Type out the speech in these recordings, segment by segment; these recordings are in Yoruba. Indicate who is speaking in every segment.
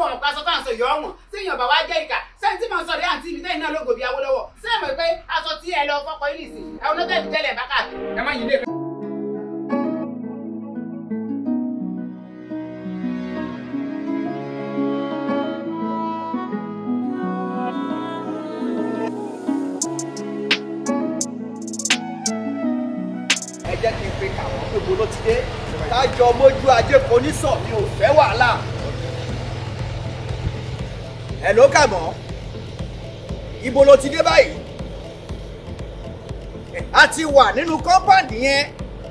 Speaker 1: wọn pa aṣọ táwọn sọ yọ ọwọn tí èèyàn bá wá jẹ́ ìkà sẹ́yìn tí mo ń sọ rẹ̀ àǹtí mi tẹ́yìn náà lógo bíi Awólọ́wọ̀ sẹ́yìn mọ̀ pé aṣọ tí ẹ lọ fọ́kọ yìí nìsín àwọn olókè mi tẹ́lẹ̀ bá káàkiri
Speaker 2: ẹ jẹ́ kí n pe kàwọn pé mo ló ti dé tájọ mójú ajé kò ní sọ mi ò fẹ́ wàhálà ẹ ló kà mọ́ ibo ló ti dé báyìí a ti wà nínú kọ́ńpáǹdì yẹn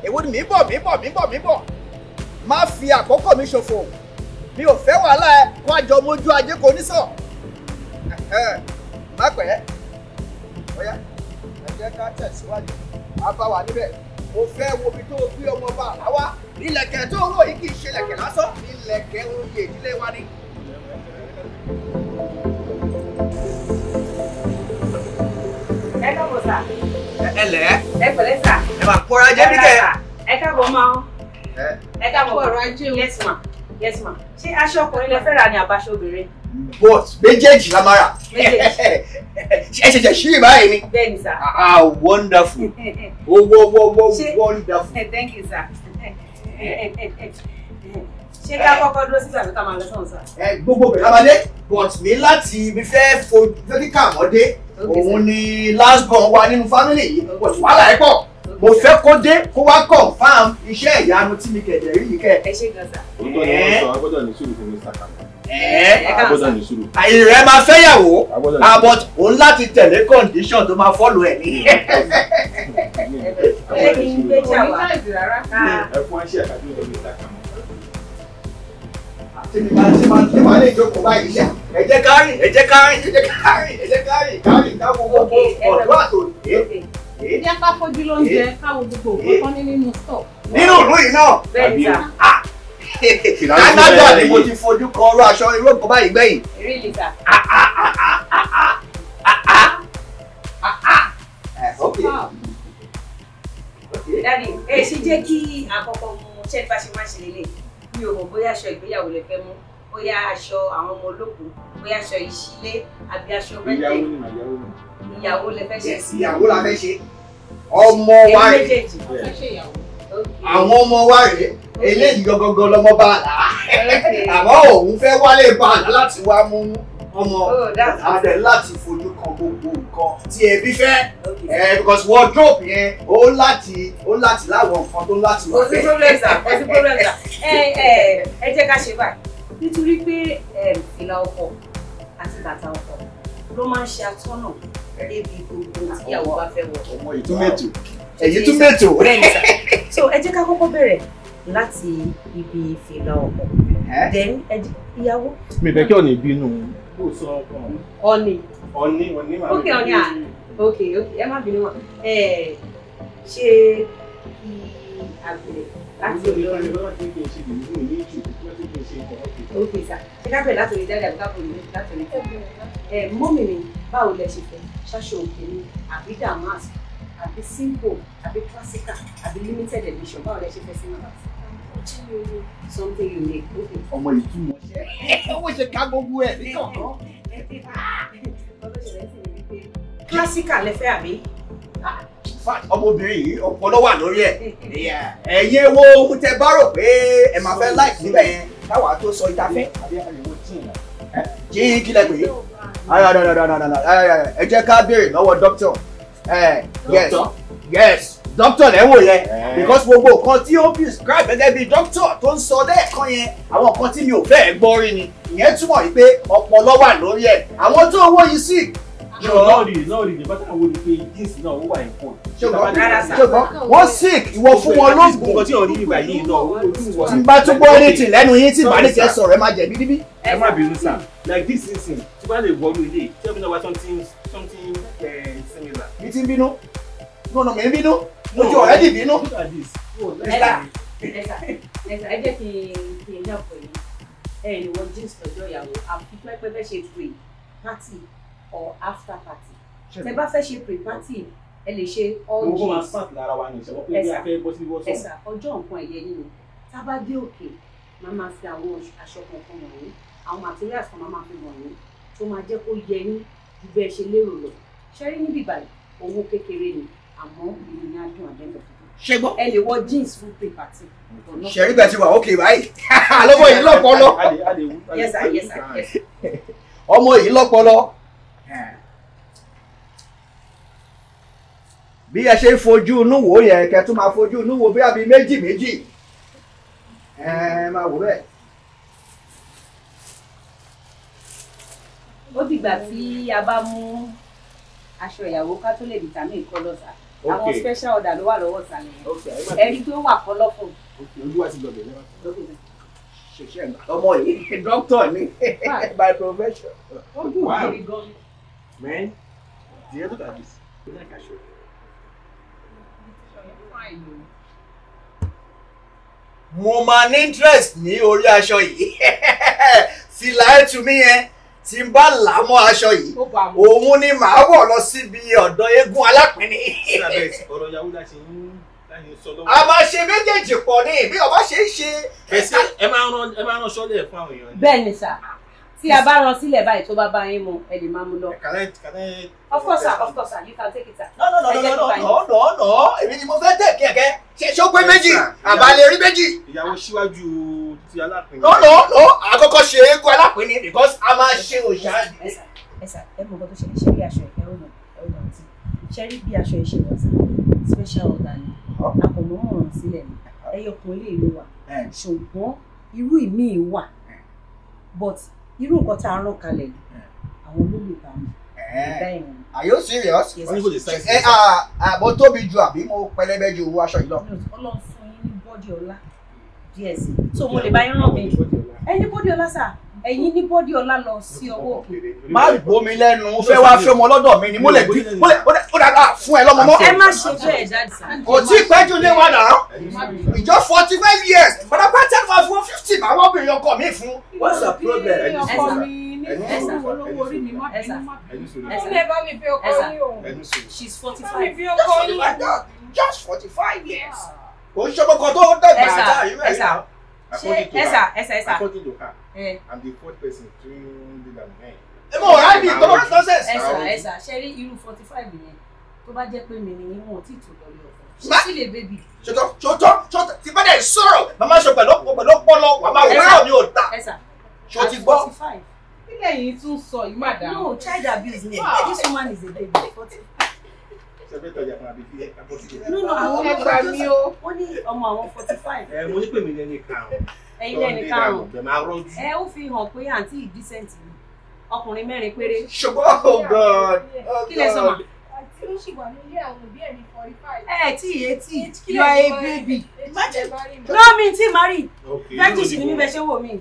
Speaker 2: èwo ni mi bọ̀ mi bọ̀ mi bọ̀ mi bọ̀ má fi àkókò mi ṣòfò mi ò fẹ́ wàhálà ẹ kó àjọ mojú ajé kò ní sọ má pẹ́ ọ̀yá ẹ jẹ́ ká tẹ̀síwájú á bá wa níbẹ̀ mo fẹ́ wo ibi tó gbé ọmọ bá àwa ilẹ̀kẹ̀ tó ń wò yìí kì í ṣe ilẹ̀kẹ̀ lásán ilẹ̀kẹ̀ oyè ìdílé wa ni.
Speaker 3: pẹ̀lẹ́ sà. ẹ máa
Speaker 2: kóra jẹ́ bí kẹ́.
Speaker 3: ẹ káàbọ̀ máa ń. ẹ káàbọ̀ ọ̀rọ̀ ajé o. yes ma yes ma ṣé aṣọ ọkùnrin lè fẹ́ ra ni àbáṣọ obìnrin.
Speaker 2: but méjèèjì la máa rà.
Speaker 3: ẹ
Speaker 2: ṣẹ̀ṣẹ̀ ṣí ìbá yìí ni. bẹ́ẹ̀ni sà. Ah, ah wonderful. oh wo wo wo wonderful.
Speaker 3: Eh, thank you sir. Eh, eh, ṣé ká kọ́kọ́ dúró sígbà tó ká máa lọ sọ̀rọ̀ sà.
Speaker 2: gbogbo bẹ̀rẹ̀ abalẹ̀ but mi láti mi fẹ́ fojú kí kàmọ́dé òun ni last born wa nínú family yìí wàhálà ẹ̀ pọ̀ mo fẹ́ kó dé kó wá confirm iṣẹ́ ìyanu tí mi kẹ̀dẹ̀ rí yìí kẹ́. ẹ ṣe gàdà. òótọ́ ni wọ́n sọ agbọ́dọ̀ ní sùúrù fún mr kàmá. agbọ́dọ̀ ní sùúrù. ìrẹ́ máa fẹ́yàwó abọ́t òun láti tẹ̀lé condition tó máa fọ́lù ẹ̀ ní. ẹ kì í gbé jà ẹ fún ẹ ṣe àkàtúntò mr tèmi máa ṣe máa tèmi máa lè jókòó báyìí ṣá. ẹ jẹ́ ká rìn ẹ jẹ́ ká rìn ẹ jẹ́ ká rìn ẹ jẹ́ ká rìn ká rìn ká wo gbogbo ọ̀dọ́ àtòlè. ìjẹ́
Speaker 3: ká fojú lóúnjẹ ká wo gbogbo òkú kan nínú stọ̀. nínú ìlú yìí náà. bẹ́ẹ̀ni
Speaker 2: sá. Canada ni mo ti fojú kan ọ̀rọ̀ aṣọ irú nǹkan báyìí gbẹ̀yìn.
Speaker 3: rí lìtà. Dadi, ẹ ṣe jẹ́ kí àkọ́kọ́ mu ṣẹ́ni bá ṣe máa ṣe lélẹ̀ mi ò mọ̀ bóyá aṣọ ìgbéyàwó lè fẹ́ mú bóyá aṣọ àwọn ọmọ olókùn bóyá aṣọ ìṣílé àbí aṣọ mẹ́tẹ̀ ìyàwó lè fẹ́ ṣe. ìyàwó la fẹ́ ṣe
Speaker 2: ọmọ wa rèé àwọn ọmọ wa rèé eléyìí gangan lọmọ bá a là á àmọ́ òun fẹ́ wálé bá a là láti wá mú mú ọmọ oh, adẹ láti fojú kan gbogbo nǹkan tí ẹbí fẹ́ ẹ because wardrobe yẹn ó láti ó láti láwọn nǹkan tó láti wà fẹ́. kò problem sir kò sí problem
Speaker 3: sir ẹ ẹ ẹ jẹ́ ká ṣe báyìí nítorí pé fìlà ọkọ àti bàtà ọkọ ló máa ń ṣe atọ́nà débi gbogbo tíyàwó bá fẹ́ wọ̀. ọmọ
Speaker 2: ìtúmẹ̀tò èyí túmẹ̀tò. bẹ́ẹ̀ni
Speaker 3: so ẹ jẹ́ ká kọ́kọ́ bẹ̀rẹ̀ láti
Speaker 2: ibi fìlà ọkọ
Speaker 3: then ìyàwó.
Speaker 2: mi fẹ́ kí ọ̀nà ìbínú
Speaker 3: ọ̀nì ọ̀nì ọ̀nì màá ok ọ̀nì à ok ok ẹ má bínú wọn ẹ ṣe kí àgbẹ̀ láti orí ọ̀nì. ok sà ṣé ká bẹ̀rẹ̀ láti orí dáadáa àbúkà kò ní láti orí tẹ́lẹ̀ ẹ mọ́mì báwo lẹ ṣe fẹ́ ṣáṣọ òkè ni àbí damask àbí simple àbí classical àbí limited edition báwo lẹ ṣe fẹ́ sí nàbàtì something unique. ọmọ ìtumọ̀ ṣe owó ṣe ká gbogbo ẹ̀ ní kọ̀ọ̀kan.
Speaker 2: classical lẹ fẹ́ àbí. ọmọbìnrin yìí ọpọlọ wà lórí ẹ̀ ẹ̀yin wo ohun tẹ bá rò pé ẹ máa fẹ́ láìpẹ́ níbẹ̀ yẹn táwa tó sọ ìdáfẹ́ jíì kílẹ̀ pé ẹ jẹ́ ká béèrè lọ́wọ́ dókítà. yes yes doctor lẹ́ wò yẹn because gbogbo nǹkan tí ó prescribe gẹ́gẹ́ bí doctor tó ń sọ lẹ́ẹ̀kan yẹn àwọn nǹkan tí mi ò fẹ́ẹ̀ gbọ́ rí ni ìyẹn túmọ̀ yìí pé ọpọlọ wà lórí ẹ̀ àwọn tó owó yìí sí. wọ́n sick ìwọ fún wọn lóògùn tí n bá tún gbọ́ ní tì lẹ́nu yín tí bàálì tẹ sọ̀rọ̀ ẹ má jẹ̀bi níbí. ẹ má bínú sàn like this season tí wọ́n lè wọ́ọ́rù ilé tí wọ́n fi náà wá something something eh, similar. mi ti bínú. No, no, me vino You know. mo ti ọ̀rẹ́ dì bínú. ẹ
Speaker 3: jẹ́ kí n yàn pé ẹ ní wọ́n jíǹsì lọ́jọ́ ìyàwó àfi pẹ́pẹ́ fẹ́ ṣe pre party or after party tẹ bá fẹ́ ṣe pre party ẹ lè ṣe all jeans. owó máa sàt
Speaker 1: lára wa ní ìṣẹ́wọ́ pé bí a fẹ́ bọ́ sí wọ́sọ̀. ẹ̀sà
Speaker 3: ọjọ́ nǹkan ẹ̀yẹ nínú tábà dé òkè máa máa fi àwọn aṣọ kankan wọ̀nyí àwọn materials kan máa ma fi wọ̀nyí tó máa jẹ́ kó yẹ ní ju bẹ́ẹ̀ ṣe lérò lọ ṣẹ́rí níbí báyìí owó kékeré ni àmọ́ èyí ni adùn àdẹ́gbẹ̀ ṣe gbọ́. ẹ lè wọ jeans fún pay party.
Speaker 2: ṣẹ̀rí bẹ́ẹ̀ ti wà ókè báyìí lọ́mọ yìí lọ́pọlọ. yes sir yes yes sir. ọmọ yìí lọ́pọlọ. bí ẹ ṣe ń fojú inú wò yẹn kẹ́ tún máa fojú inú wò bí àbí méjì méjì ẹ máa wò bẹ́ẹ̀.
Speaker 3: ó dìgbà tí a bá mú aṣọ ìyàwó ká tó lè determine colours àti àwọn special order ló wà lọ́wọ́ ìsàlẹ̀ yẹn ẹni tó wà kọ́lọ́fọ̀.
Speaker 2: olúwa ti lọ bẹ̀rẹ̀ lọ́wọ́ ṣẹṣẹ ọmọ yìí doctor ni by profession. ó dùn wá rí gan. man di ẹ lóka bí sí. mo máa ní interest ní orí aṣọ yìí sílá ẹ̀ tún mí yẹn tí n bá là á mọ́ aṣọ yìí òun ni màá wọ̀ lọ síbi ọ̀dọ̀ eégún alápínì. a máa ṣe méjèèjì pọ̀ ní ìbí ọba ṣe
Speaker 1: é
Speaker 2: ṣe. ẹ máa rán sọ́lẹ̀ fún àwọn èèyàn.
Speaker 3: bẹ́ẹ̀ ni sà tí a bá rán sílẹ̀ báyìí tó bá bá yín mu ẹ lè máa mú lọ. of course sir of course sir you can take it sir. no no no no no
Speaker 2: no no èmi ni mo fẹ́ tẹ̀ kẹ̀kẹ́ ṣé ó pé méjì àbálẹ̀ rí méjì. ìyàwó síwájú ti alápínì. no no no àkọ́kọ́ ṣe
Speaker 3: ẹ nǹkan tó ṣẹlẹ̀ ṣẹ́rí aṣọ ẹ̀ ẹ̀rọ ẹ̀rọ dọ̀tí ṣẹ́rí bí aṣọ ẹ̀ ṣe dọ̀tí special order ni àkànmọ́ ọ̀ràn sílẹ̀ ni ẹyọ kan lè ló wà ṣùgbọ́n irú ìmíì wà but irú nǹkan tá a rán kalẹ̀
Speaker 2: àwọn olóògbé bá mi. Are you serious? Ẹ àbọ̀ tóbi ju àbí mo pẹlẹbẹ ju owó aṣọ yìí lọ.
Speaker 3: Ọlọ́run fún yín ní bọ́dì ọlá díẹ̀ hmm. sí. So mo lè bá yín ràn mí. Ẹ ní bọ́dì ọlá sà ẹ̀yin ní bọ́dí ọlá lọ sí ọwọ́ òkè.
Speaker 2: má gbomi lẹ́nu ó fẹ́ wá fẹ́ ọmọ lọ́dọ̀ mi ni mo lè bí mo lè ó dàgbà fún ẹ lọ́mọ ẹ má ṣe bẹ́ẹ̀ dáadáa. kò pẹ́jù ní wa ìjọ forty five years padà bá ten ma fún fifty máa wọ́n bèrè ọkọ mi fún. what's the problem. ọkọ mi ní ẹsẹ̀ olówó orí mi má bínú má bínú. ẹsẹ̀ bá mi fi ọkọ yín o.
Speaker 3: she's forty five.
Speaker 2: just forty five years. Ah. kò ń ṣe ọmọkọ tó dàgbà àtàrí rẹ̀. ẹsà ẹsà ẹsà ẹsà. Eh. I'm the fourth person between the and nine. ẹ mọ ọ̀rá mi tọ́lọ́ rẹ̀ sọ́sẹ̀. ẹ sà ẹ sà
Speaker 3: ṣe rí irú forty five yẹn tó bá jẹ́ pé mi ni
Speaker 2: wọn ò tí ì tó lọ lọ ṣe sí lè bébì. ṣòtọ́ ṣòtọ́ ṣòtọ́ ti bá dẹ̀ sọ̀rọ̀ màmá ṣe pẹ̀lú pẹ̀lú ọpọlọ wà máa wúrọ̀ ní ọ̀tá.
Speaker 3: ẹ sà ṣòtì gbọ́. forty five kílẹ̀ yìí tún sọ yìí má dáa. no child abuse name ah. this woman is a baby forty five
Speaker 2: no no àwọn ọmọ ẹgbàá mi
Speaker 3: o. ó ní ọmọ àwọn forty five.
Speaker 2: ẹ mo ní pèmí lẹ́ni kan ẹ̀yin lẹ́ni karùn-ún ẹ
Speaker 3: ó fi hàn pé àǹtí ìdísẹ́ǹtì ni ọkùnrin
Speaker 2: mẹ́rin péré. ṣùgbọ́n oh god
Speaker 3: oh kí lè sọ ma. àti ó ṣì wà nílé àwọn òbí ẹ̀ forty five. ẹ tí ì etí
Speaker 2: yọ ẹ bíbí lọ́mí tí mari fẹ́jì sì ni mi bẹ ṣé wò mí.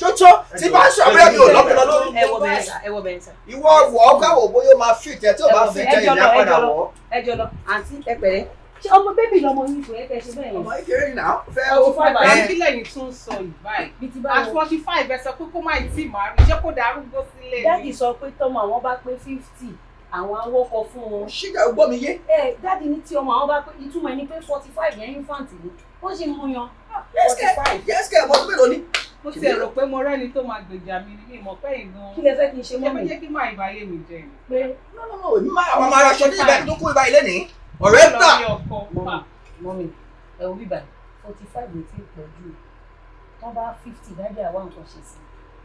Speaker 2: tótó tí bá ń sọ abúlé mi ò lọ́pọ̀lọ́ lórí. ẹ wọ bẹ́ẹ̀ sà ẹ wọ bẹ́ẹ̀ sà. ìwọ wọ ọ káwọ bóyá máa fìtẹ tí ò bá fìtẹ ìyá padà wọ.
Speaker 3: ẹ jọ lọ àǹtí ẹ pẹ̀lẹ́ ọmọ bébì lọmọ yín kò yẹ kẹ ṣe bẹ́ẹ̀ yẹn. ọmọ ìkéré yìí náà fẹ́ o five ẹ̀. ọtí lẹ́yìn tó ń sọ yìí báyìí at forty five ẹ sọ pé kó má tí màá rí jẹ́ kó darúgbó sílẹ̀ ni. dáàdì sọ pé tọmọ àwọn bá pé fifty àwọn awọ́kọ fún wọn. ṣíjà gbọ́ mi yé. ẹ dáàdì ní tí ọmọ àwọn bá pé ìtumọ̀ ẹni pé forty five yẹn infant ni ó sì mú yan. yẹ́sìkẹ́ yẹ́sìkẹ́ ọmọ tó mélòó ni. mo ti rò pé mo rẹ́ni tó máa gbèjà mi ni mi mọ̀ pé ìgan. kí lẹ fẹ́ kí n ṣe mọ́ mi. ṣé mo jẹ́ kí máa ìbáyé mi jẹ? pé. no no no ìmọ̀ àwọn ọmọ aṣọ ní ìbá ọ̀rẹ́ tà. mọ́mí ẹ ò bíbà
Speaker 2: forty five ló ti pọ̀ jù
Speaker 3: wọ́n bá fifty dájú àwọn nǹkan ṣe sí.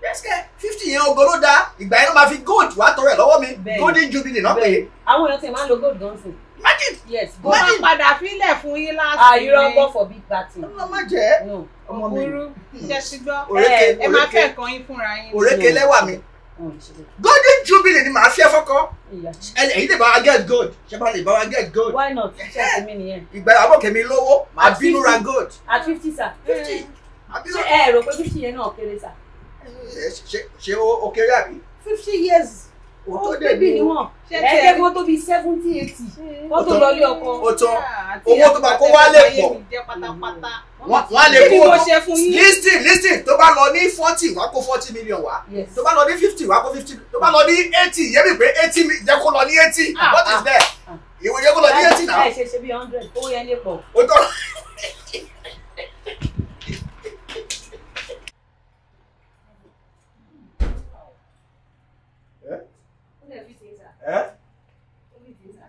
Speaker 3: yẹ́sìkẹ́
Speaker 2: fifty yẹn ogo ló dáa ìgbà yẹn ló máa fi gold wá tọrọ ẹ̀ lọ́wọ́ mi golden jubilee náà pè é. àwọn èèyàn ti máa ń lo gold dancing.
Speaker 3: magic yes go máa padà fílẹ̀ fún yín láti. àìrọ̀ ah, ọgbọ́
Speaker 2: for big party. ọmọ má jẹ́ ọmọ mi òkúrú
Speaker 3: ṣẹ́ṣígbọ́ ẹ máa fẹ́ kan yín fúnra yín. òrékelẹ́wà
Speaker 2: mi golden jubilee ni màá fi ẹ fọkọ ẹyin lè bá wa get gold ṣẹba lè bá wa get gold why not ṣe èmi nìyẹn ìgbà àbọ̀ kẹ̀mí lówó màá bínú ra gold at fifty sir fifty
Speaker 3: ṣe ẹ rò pé fifty yẹn náà kéré
Speaker 2: sir ṣe o kéré àbí. fifty years òótọ́ dẹ̀ ní o ẹgbẹ́
Speaker 3: wọn tó bíi seventy eighty
Speaker 2: wọn tó lọ lé ọkọ. o tán
Speaker 3: ah, owó tó bá kó wálé pọ̀
Speaker 2: mm. wọ́n á lè kó listing listing tó bá lọ ní forty wá kó forty million wá tó bá lọ ní fifty wá kó fifty tó bá lọ ní eighty yẹ mi pé eighty jẹ́ kó lọ ní eighty ah, what is ah, there ìwé jẹ́ kó lọ ní eighty náà. láì
Speaker 3: ṣe ṣe bí hundred owó yẹn lè pọ̀.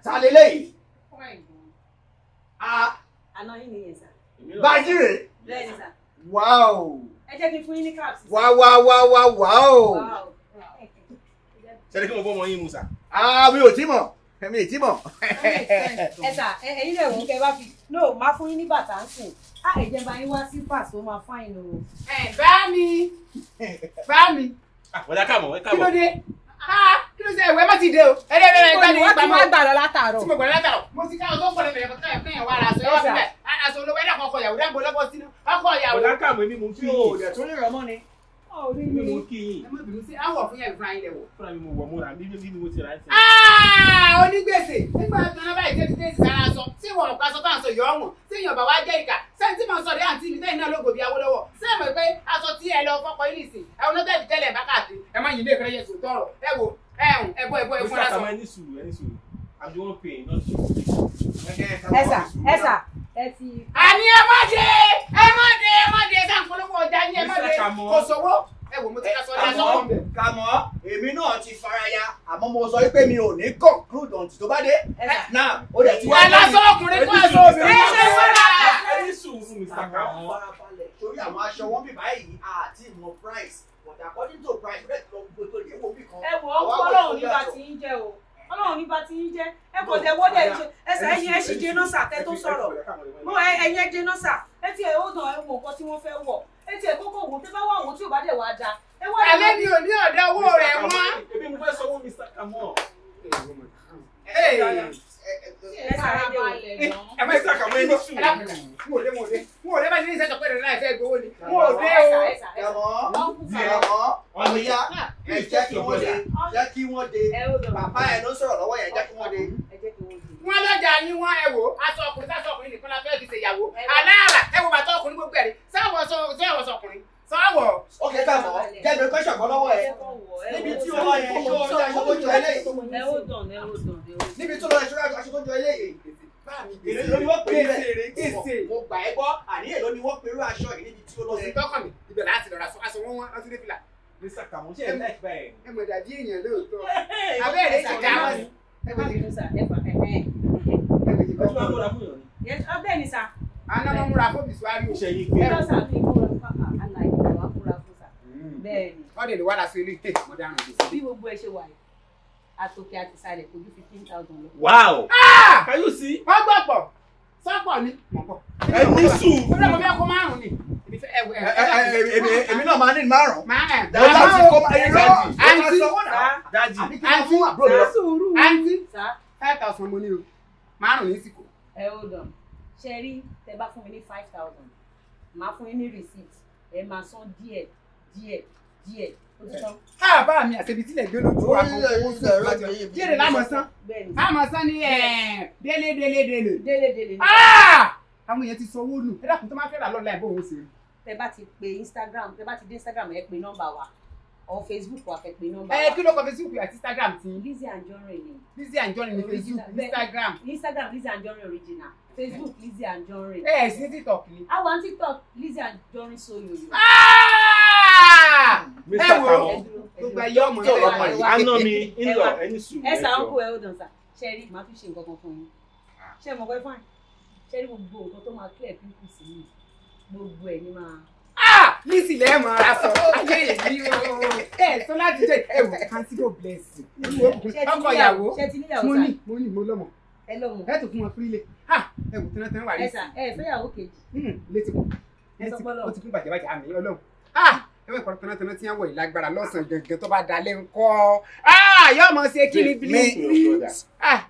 Speaker 2: ta lélẹ̀ yìí.
Speaker 3: àná yìí nìyẹn sà. bàjírè. bẹ́ẹ̀ni sà.
Speaker 2: wáò.
Speaker 3: ẹ jẹ́ kí n fún yín ní caps. wá
Speaker 2: wá wá wá wá o. sẹ́ni kí mo bọ́ ọmọ yín mu sà. mi ò tí mọ̀ mi ò tí mọ̀. ẹ
Speaker 3: sà ẹ̀yin lè wọ́n kẹ́ bá fi no máa fún yín ní bàtà ń sìn á ẹ̀jẹ̀ bá yín wá sí pàṣẹ máa fáìn o. ẹ bá mi bá mi.
Speaker 1: àwọn ah, ẹ̀ka mọ̀ ẹ̀ka mọ̀ kí ló dé kí ló ṣe ìwé má ti dé o. ẹ̀rẹ́ rẹ̀ ẹ̀ka ni wọ́n ti máa gbà lọ látàárọ̀. tí mo gbà lọ látàárọ̀ mo ti káwọn tó pọ̀lẹ̀ bẹ̀rẹ̀ kọ́tà ẹ̀kọ́ yẹn wà láṣọ yẹn wà bíbẹ̀ aṣọ olówó ẹ̀dá kan ọkọ̀ yàwó dáńgbò lọ́kọ̀ sínú ọkọ̀ yàwó. ọ̀dà
Speaker 2: kàwé ni mo fi yìí ọ̀dà tó lè rọ mọ́ ni ni mo kí yín.
Speaker 1: ẹ má bínú sí àwọ̀ fún yẹn fúnra yín lẹ̀ wọ̀. fúnra mi mo wọ̀ mo rà bí bí mo ti rà á sẹ́yìn. Ah! onígbèsè nígbà tí wọn bá ìjẹ́ ti dé sí sára sọ tí wọn ò pa sọ fáwọn sọ yọ ọ̀wọ̀n tí èèyàn bá wá jẹ́ ìkà sẹ́yìn tí mo sọ dé àǹtí mi tẹ́yìn náà ló gòbí Awólọ́wọ̀ ṣé ẹ mọ̀ pé aṣọ tí ẹ lọ fọkọ yín nìsín ẹ̀wọ̀n náà tẹ̀lé tẹ́lẹ̀ bá káàkiri ẹ má yìn ilé ìfẹ́ yẹn tọrọ ẹ wo ẹ̀hún ẹ bọ́ ẹ bọ́ ẹ fún lásán. ẹsà ẹsà ẹ ti. àní ẹ má dé ẹ má dé ẹ má dé sáà polówó ọjà yín ẹ má dé kò sówó ẹ wò mo ti sọ ní asọ́wọ́
Speaker 2: mi. kàmọ́ èmi náà ti faraya àmọ́ mo sọ pé mi ò ní conclude until tó bá dé. náà ó àwọn farabalẹ̀ torí àwọn aṣọ wọn bí báyìí àti ìmọ̀ price but according to price
Speaker 3: rẹ̀ lọ gbogbo tó yẹ wo bí kan. ẹ wọ Ọlọ́run nígbà tí ń jẹ o Ọlọ́run nígbà tí ń jẹ ẹ kò tẹ wọlé ẹ ẹsẹ ẹyin ẹ sì dènà sà tẹ tó sọ̀rọ̀ mọ ẹyin ẹ dènà sà ẹ tiẹ̀ ó dàn ẹ wọ nǹkan tí wọ́n fẹ́ wọ̀ ẹ tiẹ̀ kókó wò tẹ bá wà tí ò bá dẹ̀ wá da. ẹlẹ́ni ò ní ọ̀dọ́ owó rẹ̀ wọ́n.
Speaker 1: ebi mo fẹ́ sọ owó Mr. Kamau ẹ má ṣe àkàmọ́ ẹni sùn mo dé mo dé mo dé bá ṣe ní ìṣẹ́jọ pé ìrìnà ìfẹ́ gbowó ni mo dé o yẹ̀wọ́ ọ̀ya jẹ́ kí wọ́n dé jẹ́ kí wọ́n dé bàbá ẹ̀ ló sọ̀rọ̀ lọ́wọ́ yẹn jẹ́ kí wọ́n dé wọn lọjà yín wọn ẹ wò aṣọ ọkùnrin sáṣọ ọkùnrin nìkan la fẹẹ fi ṣèyàwó aláàrà ẹ wò bàtà ọkùnrin gbogbo ẹ rí sáwọn sọ ọkùnrin sáwọ̀.
Speaker 2: ó kẹ́ ká kọ́ṣọ̀ kan lọ́wọ́ ẹ níbi tí o lọ yẹ ṣó o jọ eléyìí. níbi tí o lọ yẹ
Speaker 1: ṣó aṣọ jọ eléyìí. èrè ló ni wọ́n pè é gbèsè. mo gbà ẹ́ gbọ́ àní èlò ni wọ́n pè aṣọ yìí níbi tí o lọ yẹ. òsì tọkàn mi ibẹ̀ láti lọ́ra aṣọ wọn wọn láti dé fìlà. mr kamu ṣe é ẹ mọ̀ èèyàn lóòótọ́ abẹ́rẹ́ sà
Speaker 2: ẹ fà sà
Speaker 3: bẹ́ẹ̀ni wọn lè lè wá láti ilé
Speaker 1: ìtẹ mọ dáhùn
Speaker 3: gbèsè. bí gbogbo ẹ ṣe wà yìí àtòkè àti ìsàlẹ̀ kò fifteen thousand lọ. wow
Speaker 1: ah! can you see. wọ́n gbọ́ pọ̀ sọ́pọ̀ ni mọ̀ pọ̀. ẹ ní sùúrù. ó lọ́kọ̀ bí ọkọ̀ márùn-ún ni èmi náà máa ní márùn. dájú àti kó máa yẹ dájú. àǹtí
Speaker 2: dájú
Speaker 1: àǹtí sùúrù àǹtí five thousand mo ní o márùn ní sìkò. ẹ ó dàn
Speaker 3: ṣe rí tẹ bá fún mi ní five thousand màá fún yín ní receipt ẹ máa san díẹ̀ díẹ̀ díẹ̀
Speaker 1: a bá mi àṣebi sílẹ̀ gbé lójú àpò owó sí ìgbàjọ díẹ̀ lè lámọ̀ sán lámọ̀ sán ni délé délé délé délé délé ah! àwọn èèyàn ti sọ owó nù ẹ dákun tó máa fẹ́ rà lọ́la ẹ̀ bó òun ṣe.
Speaker 3: tẹ bá ti pe Instagram tẹ bá ti dé Instagram ẹ pe nọ́mbà wa or Facebook wa fẹ́ pe nọ́mbà wa. ẹ kí ló kọ Facebook àti Instagram ti. Lizzy Anjorin ni. Lizzy Anjorin ni Facebook Instagram. Instagram Lizzy Anjorin original Facebook Lizzy Anjorin. ẹ ẹ sí TikTok ni. àwọn TikTok Lizzy Anjorin sọ yòyò. Ah! ẹ wò ó
Speaker 2: gbogbo ayé ọmọ ẹ wà wá. aná mi ń lọ ẹni sùn. ẹ sàn kó
Speaker 3: ẹ ó dàn sà ṣe rí màá fi ṣe nǹkan fún yín ṣe mọ̀ pé fún ṣe rí gbogbo nǹkan tó máa clear pípì sí yìí gbogbo ẹ̀ ah! ní máa.
Speaker 1: ní ìsìlẹ̀ mọ̀ á sọ ayé èyí o ẹ sọ láti jẹ ẹ wò kántí yóò bless ọkọ ìyàwó mo ní mo ní mo lọ́mọ ẹ lọ́mọ ẹ tó fún wọn fúrílẹ̀ ah! ẹ wò tẹ́lẹ̀ tẹ́lẹ̀ wà ní. ẹ sà ẹ fẹ́yàwó kejì. Hmm, létí kù létí kù ó ti kún bàjẹ́ àmì ọlọ́run. Ah! ẹwẹ́ ìpàdé tọ́nà tí wọ́n yìí lágbára lọ́sàn-án gẹ̀gẹ̀ tó bá dalẹ̀ ńkọ́ ah, yóò mọ̀ ṣe kí ni ah.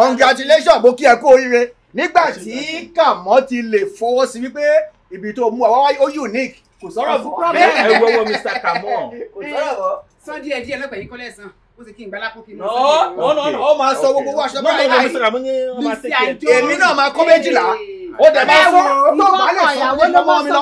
Speaker 2: congratulations mo kí ẹ kú oríire nígbà tí kàmọ́ ti lè fọwọ́ sí wípé ibi tó mú àwa ó unique kò sọ̀rọ̀ bọ́ bẹ́ẹ̀ ẹ wọ́wọ́ Mr. Kamọ́
Speaker 1: eh, kò sọ̀rọ̀ bọ́. lọ́pàá yìí kọ́lẹ̀ sàn ó sì kí n gbálápò kí n lọ sí ìlú. ó máa sọ gbogbo owó báyìí èmi náà máa kọ́ méjìlá eh. ó dẹ̀ máa fún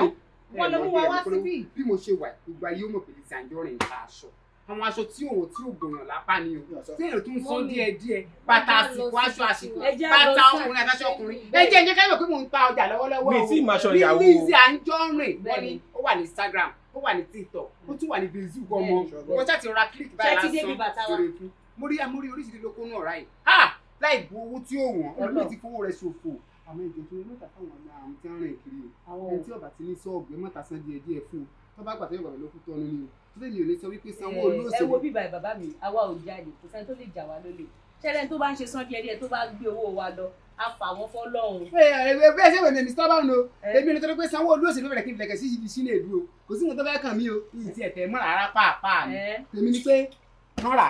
Speaker 1: mi wọn lọ mú wa wá síbí. bí mo ṣe wà gbogbo ayé ó mọ̀ pé Lizzy Anjorin ń ta aṣọ àwọn aṣọ tí òun tí ò gbòòyàn lápá ni o tí èrò tún sọ díẹ̀ díẹ̀ bàtà àsìkò aṣọ àsìkò bàtà ọkùnrin àtàṣọ ọkùnrin ẹ jẹ́ ìjẹ́ káyọ̀ pé mò ń ta ọjà lọ́wọ́lọ́wọ́ o bí Lizzy Anjorin wọ́n ní ó wà ní Instagram ó wà ní TikTok ó tún wà ní facebook ọmọ Mo ṣàti ra click báyìí lásán mo rí amórí oríṣiríṣi lóko náà Ha, láì bu owó tí ó wọ̀n ọlọ́run ti fowó rẹ̀ ṣòfò àwọn ìjọjú ẹ mẹ́ta fáwọn ọmọ àwọn tí ń rìn kiri ẹni tí ọba ti ní ṣọ́ọ̀bù ẹ mẹ́ta san díẹ̀ díẹ̀ fún un tó bá gbàtẹ́ ìgbàgbọ́ ló kú tọ́nu ni o tó lè lè sọ wípé sanwó eh, olóòṣèlú. ẹ wo
Speaker 3: bíbá bàbá mi àwa ò jáde kò sẹ́ni tó lè jà wá lólè ṣẹlẹ̀ tó bá ń ṣe san díẹ̀ díẹ̀ tó bá gbé owó wa lọ a fà wọ́n fọ́ lọ́hùn. ẹ
Speaker 1: ẹ bẹ́ẹ̀ ṣe wẹ̀mẹ̀ mi sábà nù èmi ni tọ́jú pé sanwó olóòṣèlú bẹ̀rẹ̀ kí n fẹ̀kẹ̀ sí ibi sí lè dúró kò sí nǹkan tó fẹ́ kàn mí o ìtì ẹ̀fẹ̀ mọ́ rárá pàápàá mi eh. èmi ni pé kán rà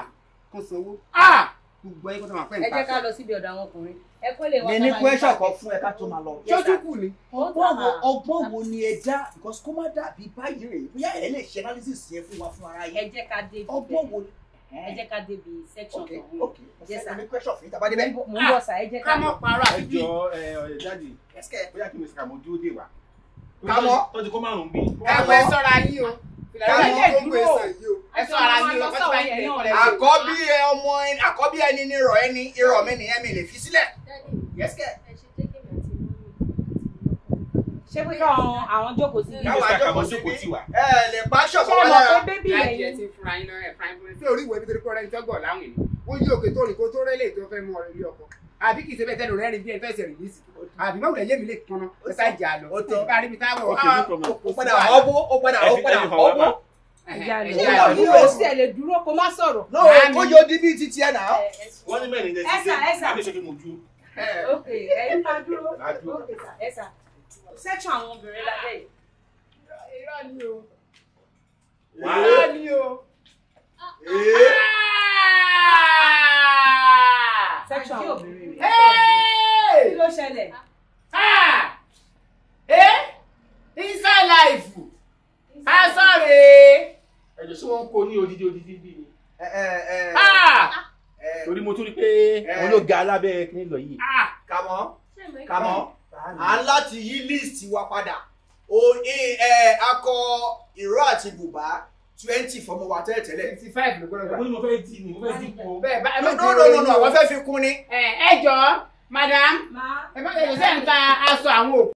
Speaker 1: kán sanwó ah! ah! gbogbo ayé kó tó máa pẹ́ nípa. ẹ jẹ́ ká lọ síbi ọ̀dọ̀ àwọn ọkùnrin mi ní kwẹ́sà kan fún ẹ ká tó máa lọ. ṣojú ni
Speaker 2: ọgbọ́n wo ni ẹ dá because kó má dàbí báyìí rèé bóyá ẹ lè ṣe analysis yẹn fún wa fún ara yín.
Speaker 3: ẹ jẹ́ ká débi ọgbọ́n wo ni. ẹ jẹ́ ká débi section tó wù. ok ok ẹ ní kwẹ́sà
Speaker 2: fún ìtàbá débẹ̀. mo ń bọ̀ sá ẹ jẹ́ ká mọ̀ para. ẹ jọ ẹ ẹ jáde bóyá kí mi sàkàmójú dé wa. kámọ́ tọ́jú kó márùn-ún bí. káwé sọ́ra
Speaker 1: yín o àkọ́bí
Speaker 2: ọmọ àkọ́bí ẹni ní irọ́ ẹni irọ́ mi nìyẹn mi lè fi sílẹ̀.
Speaker 1: ṣé pé káwọn àwọn jókòó sí ibi
Speaker 2: káwọn jókòó sí wa. ẹ
Speaker 1: lè pa ṣọ̀kọ̀ wọn lára. ṣé ọmọ tó bébí rẹ̀ yìí. orí ìwé nítorí kọ́ra ẹni tó gbọ̀ láwìn ó yí òkè tó rìn kó tó rẹ́lẹ̀ tó fẹ́ mú ọ̀rẹ́ àbí kì í ṣe bẹ́ẹ̀ tẹ́lẹ̀ rẹ́rìn bí ẹni fẹ́ẹ́ sẹ̀rìn lẹ́sìn àbí má wùlẹ̀ yémi lè kọ́nà ẹ̀ta jà lọ ọ̀tọ̀ àríbi táwọn ọ̀ padà ọ̀bọ̀ ó padà ó padà ọ̀bọ̀. ìyá ò sí ẹ̀ lè dúró kó má sọ̀rọ̀. náà ó yọ di bíi titi ẹ̀ náà. wọ́n ní mẹ́rin ní
Speaker 3: ẹ̀sà ẹ̀sà àbí ok ẹ̀yin máa dúró ok ẹ̀sà section àwọn obìnrin lábẹ́ yìí. irọ́ ni o.
Speaker 1: irọ́ ni o. Eh. Ah, ah
Speaker 3: section obìnrin rẹ̀ kí ló ṣẹlẹ̀.
Speaker 1: Eh? inside life a sọ̀rọ̀
Speaker 2: ẹ̀jọ̀ sí wọn ń kó ní odidi odidi bíi ni. Eh,
Speaker 1: eh,
Speaker 2: torí mo tún rí i pé
Speaker 1: wọn ló ga alábẹ́ kí ni lọ yìí. kàmọ́ kàmọ́ à ń láti
Speaker 2: yí list wa padà akọ ìró àti bùbá twenty
Speaker 1: fọmọ wa tẹ́lẹ̀ tẹ́lẹ̀. twenty five ló gbọ́dọ̀ gbà. mo ní mo fẹ́ di ni mo fẹ́ di kó. bẹ́ẹ̀ bá ẹ bá dúró lónìí náà wọ́n fẹ́ fi kún ni. ẹ jọ madam ẹ bá ẹ sẹ́ǹta aṣọ àwọn òkú.